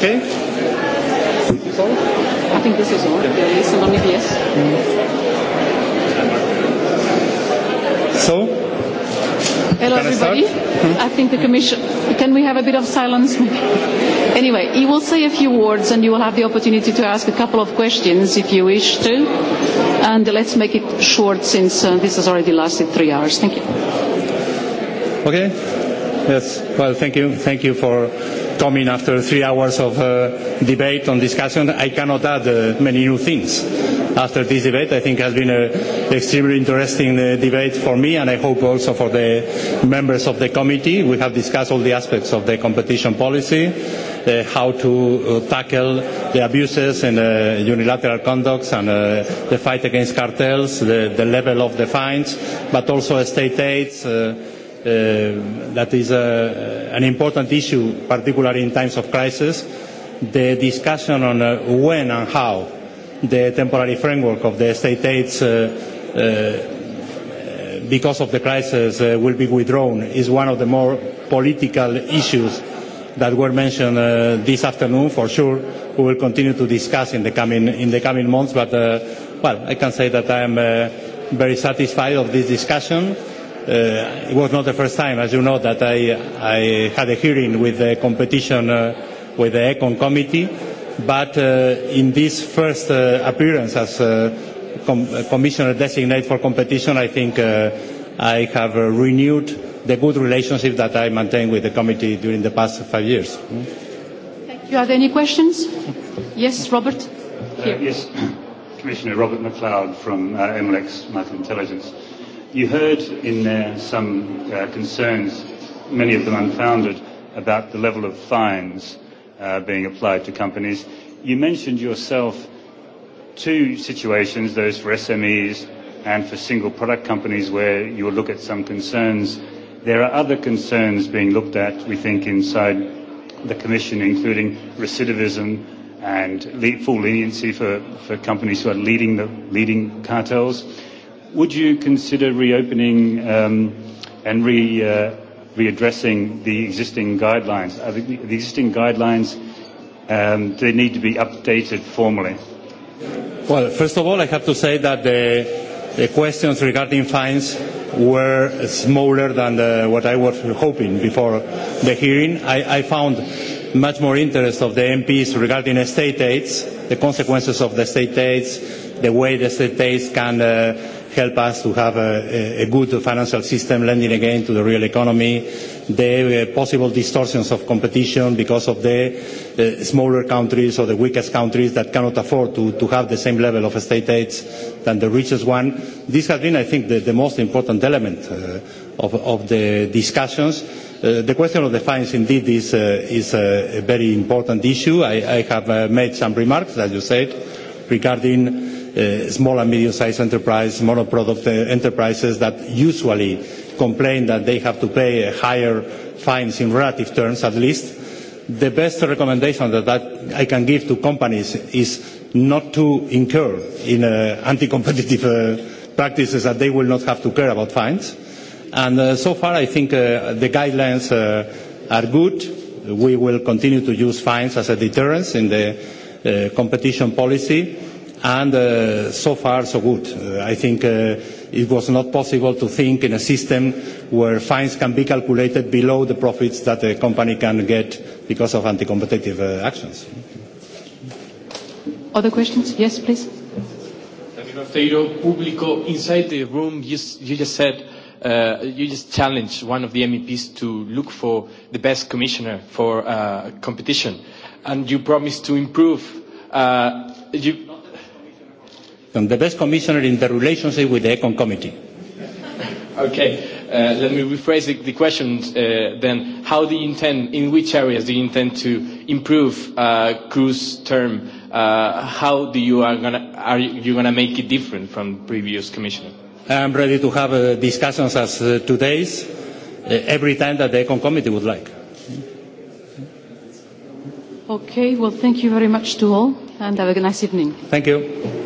Okay? I think this is all. Yeah. Yeah, is only yes. Mm. So? Hello, can everybody. I, hmm? I think the Commission. Can we have a bit of silence? anyway, he will say a few words and you will have the opportunity to ask a couple of questions if you wish to. And let's make it short since uh, this has already lasted three hours. Thank you. Okay. Yes. Well, thank you. Thank you for coming after three hours of uh, debate and discussion. I cannot add uh, many new things after this debate. I think it has been an extremely interesting uh, debate for me and I hope also for the members of the committee. We have discussed all the aspects of the competition policy, uh, how to uh, tackle the abuses and uh, unilateral conducts and uh, the fight against cartels, the, the level of the fines, but also state aids, uh, Uh, that is a, uh, uh, an important issue, particularly in times of crisis. The discussion on uh, when and how the temporary framework of the state aids, uh, uh, because of the crisis, uh, will be withdrawn is one of the more political issues that were mentioned uh, this afternoon. For sure, we will continue to discuss in the coming in the coming months. But uh, well, I can say that I am uh, very satisfied of this discussion Uh, it was not the first time, as you know, that I, I had a hearing with the competition, uh, with the ECON committee. But uh, in this first uh, appearance as uh, com- uh, commissioner designate for competition, I think uh, I have uh, renewed the good relationship that I maintained with the committee during the past five years. Hmm? Thank you. Are there any questions? Yes, Robert. Uh, yes, Commissioner Robert McLeod from uh, MLEX Market Intelligence. You heard in there some uh, concerns, many of them unfounded, about the level of fines uh, being applied to companies. You mentioned yourself two situations, those for SMEs and for single product companies where you would look at some concerns. There are other concerns being looked at, we think, inside the Commission, including recidivism and le- full leniency for, for companies who are leading, the, leading cartels would you consider reopening um, and re, uh, readdressing the existing guidelines? Are the, the existing guidelines, um, they need to be updated formally. Well, first of all, I have to say that the, the questions regarding fines were smaller than the, what I was hoping before the hearing. I, I found much more interest of the MPs regarding estate aids, the consequences of the state aids, the way the state aids can uh, help us to have a, a good financial system lending again to the real economy, the uh, possible distortions of competition because of the uh, smaller countries or the weakest countries that cannot afford to, to have the same level of state aids than the richest one. This has been, I think, the, the most important element uh, of, of the discussions. Uh, the question of the fines indeed is, uh, is a, uh, a very important issue. I, I have uh, made some remarks, as you said, regarding Eh, small and medium-sized enterprise, monoproduct product eh, enterprises that usually complain that they have to pay higher fines in relative terms at least. The best recommendation that, that I can give to companies is not to incur in uh, anti-competitive uh, practices that they will not have to care about fines. And uh, so far I think uh, the guidelines uh, are good. We will continue to use fines as a deterrence in the uh, competition policy and uh, so far so good. Uh, I think uh, it was not possible to think in a system where fines can be calculated below the profits that a company can get because of anti-competitive uh, actions. Other questions? Yes, please. Rafteiro, Público, inside the room you, you just said uh, you just challenged one of the MEPs to look for the best commissioner for uh, competition and you promised to improve uh, you, I'm the best commissioner in the relationship with the Econ Committee. okay. Uh, let me rephrase the, the question uh, then. How do you intend, in which areas do you intend to improve uh, cruise term? Uh, how do you are, gonna, are you going to make it different from previous commissioner? I'm ready to have uh, discussions as uh, today's uh, every time that the Econ Committee would like. Okay, well, thank you very much to all, and have a nice evening. Thank you.